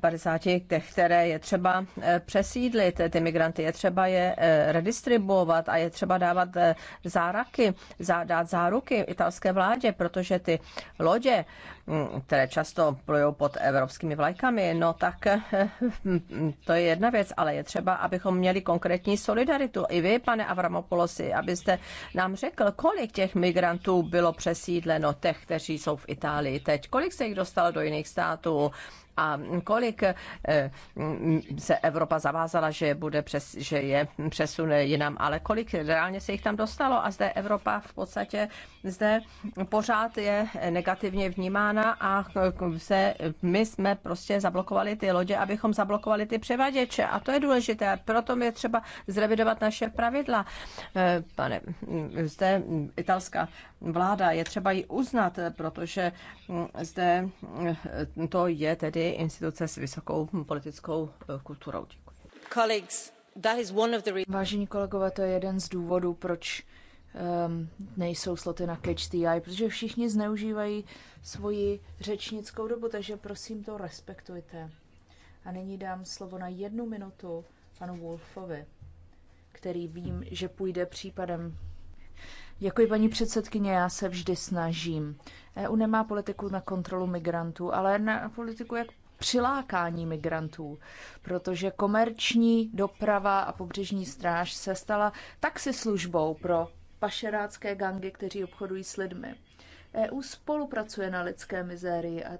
B: 50 těch, které je třeba eh, přesídlit, ty migranty je třeba je eh, redistribuovat a je třeba dávat eh, záraky, dát záruky italské vládě, protože ty lodě, mm, které často plujou pod evropskými vlajkami, no tak hm, to je jedna věc, ale je třeba, abychom měli konkrétní solidaritu. I vy, pane Avramopolosi, abyste nám řekl, kolik těch migrantů bylo přesídleno, těch, kteří jsou v Itálii teď, kolik se jich dostalo do jiných států, a kolik eh, mm, se Evropa zavázala, že, bude přes, že je přesune jinam, ale kolik reálně se jich tam dostalo a zde Evropa v podstatě zde pořád je negativně vnímána a se, my jsme prostě zablokovali ty lodě, abychom zablokovali ty převaděče a to je důležité, proto je třeba zrevidovat naše pravidla. Eh, pane, mm, zde italská vláda je třeba ji uznat, protože mm, zde eh, to je tedy tedy instituce s vysokou politickou eh, kulturou.
D: Vážení kolegové, to je jeden z důvodů, proč um, nejsou sloty na Catch the Eye, protože všichni zneužívají svoji řečnickou dobu, takže prosím to respektujte. A nyní dám slovo na jednu minutu panu Wolfovi, který vím, že půjde případem. Děkuji, paní předsedkyně, já se vždy snažím EU nemá politiku na kontrolu migrantů, ale na politiku, jak přilákání migrantů, protože komerční doprava a pobřežní stráž se stala taxislužbou pro pašerácké gangy, kteří obchodují s lidmi. EU spolupracuje na lidské mizérii a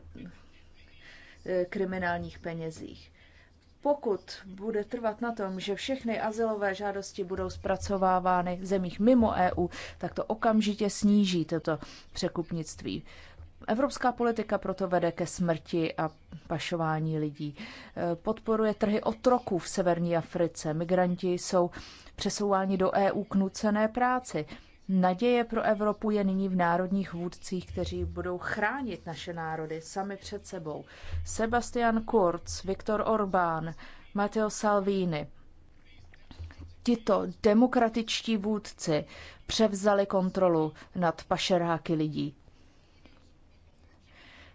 D: e, kriminálních penězích. Pokud bude trvat na tom, že všechny azylové žádosti budou zpracovávány v zemích mimo EU, tak to okamžitě sníží toto překupnictví. Evropská politika proto vede ke smrti a pašování lidí. Podporuje trhy otroků v severní Africe. Migranti jsou přesouváni do EU k nucené práci. Naděje pro Evropu je nyní v národních vůdcích, kteří budou chránit naše národy sami před sebou. Sebastian Kurz, Viktor Orbán, Matteo Salvini. Tito demokratičtí vůdci převzali kontrolu nad pašeráky lidí.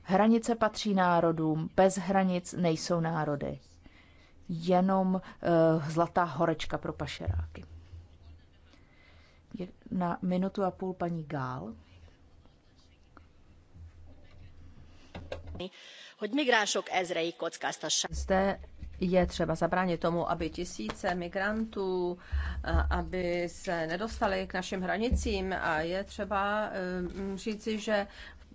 D: Hranice patří národům, bez hranic nejsou národy. Jenom uh, zlatá horečka pro pašeráky na minutu a půl paní Gál.
B: Zde je třeba zabránit tomu, aby tisíce migrantů, aby se nedostali k našim hranicím a je třeba e, říci, že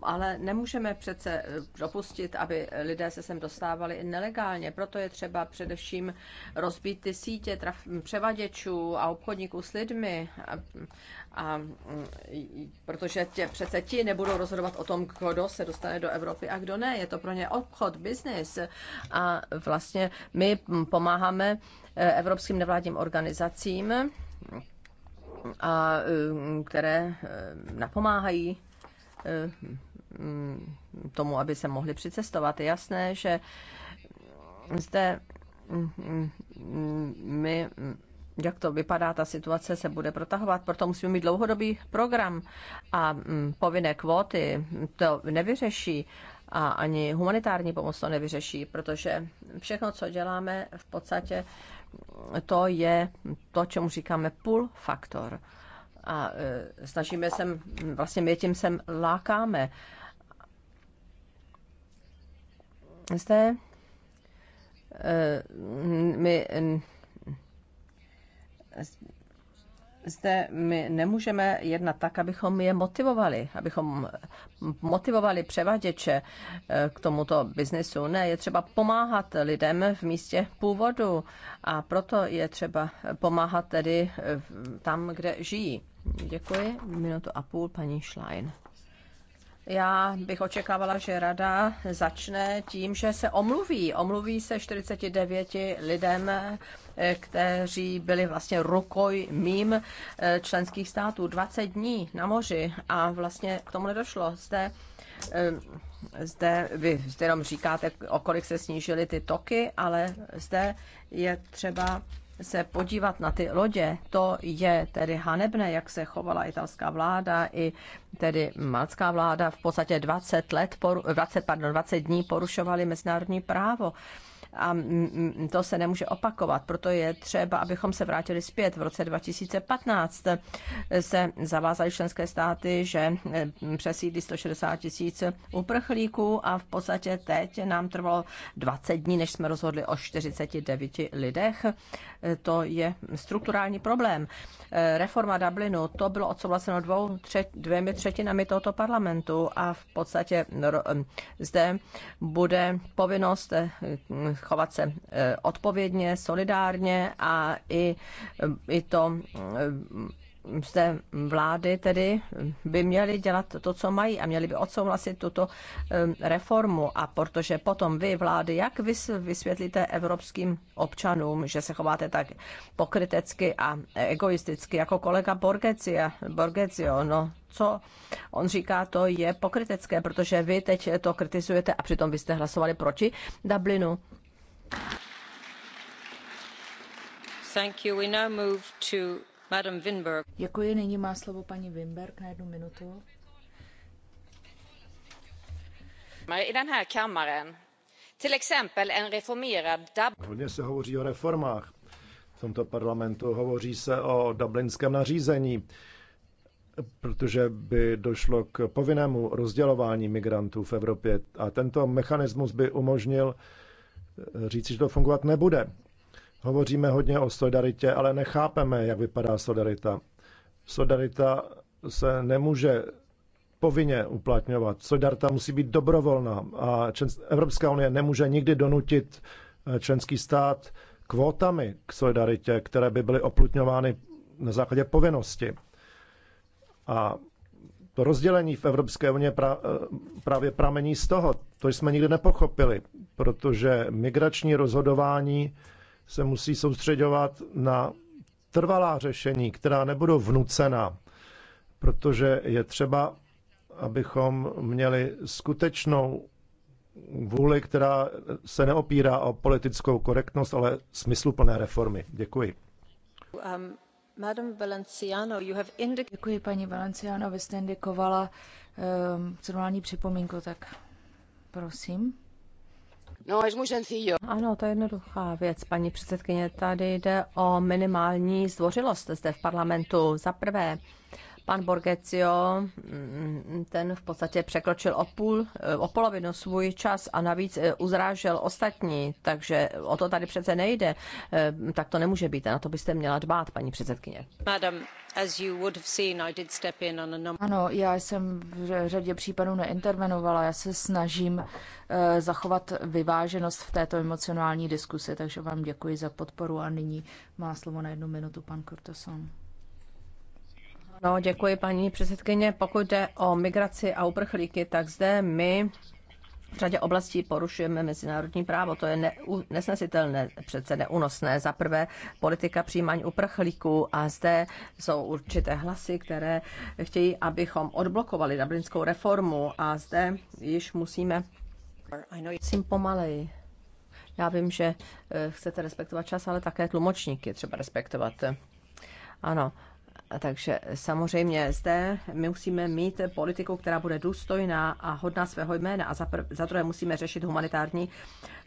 B: ale nemůžeme přece dopustit, eh, aby lidé se sem dostávali nelegálně. Proto je třeba především rozbít ty sítě traf- převaděčů a obchodníků s lidmi, a, a, mm, protože tě, přece ti nebudou rozhodovat o tom, kdo se dostane do Evropy a kdo ne. Je to pro ně obchod, biznis. A vlastně my pomáháme eh, evropským nevládním organizacím, a, eh, které napomáhají Mm, tomu, aby se mohli přicestovat. Je jasné, že zde mm, mm, my, jak to vypadá, ta situace se bude protahovat, proto musíme mít dlouhodobý program a povinné kvóty to nevyřeší a ani humanitární pomoc to nevyřeší, protože všechno, co děláme, v podstatě to je to, čemu říkáme pull faktor. A e, snažíme se, vlastně my tím sem lákáme jste eh, my zde my nemůžeme jednat tak, abychom je motivovali, abychom motivovali převaděče eh, k tomuto biznesu. Ne, je třeba pomáhat lidem v místě původu a proto je třeba pomáhat tedy tam, kde žijí. Děkuji. Minutu a půl, paní Schlein. Já bych očekávala, že rada začne tím, že se omluví. Omluví se 49 lidem, eh, kteří byli vlastně mým eh, členských států 20 dní na moři a vlastně k tomu nedošlo. Zde eh, zde vy jenom říkáte, o kolik se snížily ty toky, ale zde je třeba se podívat na ty lodě, to je tedy hanebné, jak se chovala italská vláda i tedy malcká vláda v podstatě 20 let, 20, pardon, 20 dní porušovali mezinárodní právo a to se nemůže opakovat. Proto je třeba, abychom se vrátili zpět. V roce 2015 se zavázaly členské státy, že přesídlí 160 tisíc uprchlíků a v podstatě teď nám trvalo 20 dní, než jsme rozhodli o 49 lidech. To je strukturální problém. Reforma Dublinu, to bylo odsouhlaseno dvou, dvěmi třetinami tohoto parlamentu a v podstatě zde bude povinnost chovat se eh, odpovědně, solidárně a i, eh, i to eh, zde vlády tedy by měly dělat to, co mají a měly by odsouhlasit tuto reformu. A protože potom vy, vlády, jak vysvětlíte evropským občanům, že se chováte tak pokrytecky a egoisticky, jako kolega Borgecia, Borgecio, no co on říká, to je pokrytecké, protože vy teď to kritizujete a přitom vy jste hlasovali proti
D: Dublinu. Děkuji, Wimberg
C: Hodně se hovoří o reformách. V tomto parlamentu hovoří se o dublinském nařízení, protože by došlo k povinnému rozdělování migrantů v Evropě. A tento mechanismus by umožnil říci, že to fungovat nebude. Hovoříme hodně o solidaritě, ale nechápeme, jak vypadá solidarita. Solidarita se nemůže povinně uplatňovat. Solidarita musí být dobrovolná a Evropská unie nemůže nikdy donutit eh, členský stát kvótami k solidaritě, které by byly oplutňovány na základě povinnosti. A to rozdělení v Evropské unii pra, eh, právě pramení z toho. To jsme nikdy nepochopili, protože migrační rozhodování se musí soustředovat na trvalá řešení, která nebudou vnucena, protože je třeba, abychom měli skutečnou vůli, která se neopírá o politickou korektnost, ale smysluplné reformy. Děkuji.
D: Um... Děkuji, paní Valenciano, vy jste indikovala um, připomínku, tak prosím. No, es muy sencillo. Ano, to je jednoduchá věc, paní předsedkyně. Tady jde o minimální
B: zdvořilost zde v parlamentu. Za prvé, Pan Borgecio, mm, ten v podstatě překročil o, půl, o polovinu svůj čas a navíc eh, uzrážel ostatní, takže o to tady přece nejde. Eh, tak to nemůže být a na to byste měla dbát, paní předsedkyně.
A: Madam, Ano,
D: já jsem v řadě případů neintervenovala, já se snažím eh, zachovat vyváženost v této emocionální diskusi, takže vám děkuji za podporu a nyní má slovo na jednu minutu pan Kurtoson. Ano, děkuji paní předsedkyně. Pokud jde o
B: migraci a uprchlíky, tak zde my v řadě oblastí porušujeme mezinárodní právo. To je ne, nesnesitelné, přece neúnosné. Za prvé politika přijímání uprchlíků a zde jsou určité hlasy, které chtějí, abychom odblokovali dublinskou reformu a zde již musíme... Jsem pomalej. Já vím, že eh, chcete respektovat čas, ale také tlumočníky třeba respektovat. Ano, takže samozřejmě zde my musíme mít politiku, která bude důstojná a hodná svého jména. A za, prv, za druhé musíme řešit humanitární,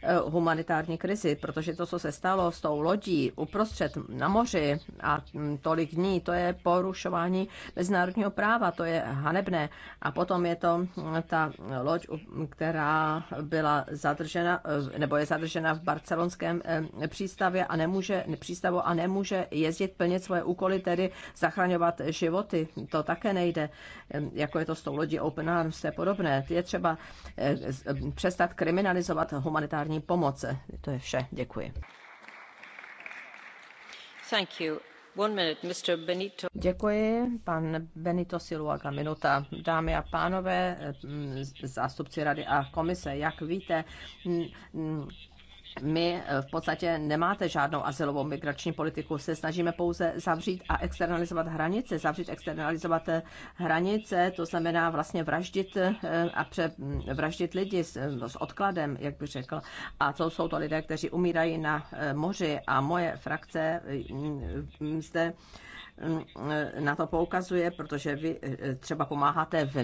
B: eh, humanitární krizi, protože to, co se stalo s tou lodí uprostřed na moři a hm, tolik dní, to je porušování mezinárodního práva, to je hanebné. A potom je to hm, ta loď, která byla zadržena, eh, nebo je zadržena v barcelonském eh, přístavě a nemůže, přístavu a nemůže jezdit plnit svoje úkoly, tedy za zachraňovat životy, to také nejde, jako je to s tou lodí Open Arms, to je podobné. Je třeba eh, přestat kriminalizovat humanitární pomoc. To je vše, děkuji. Thank you. One minute, Mr. Benito. Děkuji, pan Benito Siluaga, minuta. Dámy a pánové, zástupci rady a komise, jak víte, my eh, v podstatě nemáte žádnou asilovou migrační politiku, se snažíme pouze zavřít a externalizovat hranice, zavřít, externalizovat eh, hranice, to znamená vlastně vraždit eh, a pře, hm, vraždit lidi s, s odkladem, jak bych řekl. A to jsou to lidé, kteří umírají na moři a moje frakce hm, zde hm, na to poukazuje, protože vy třeba pomáháte v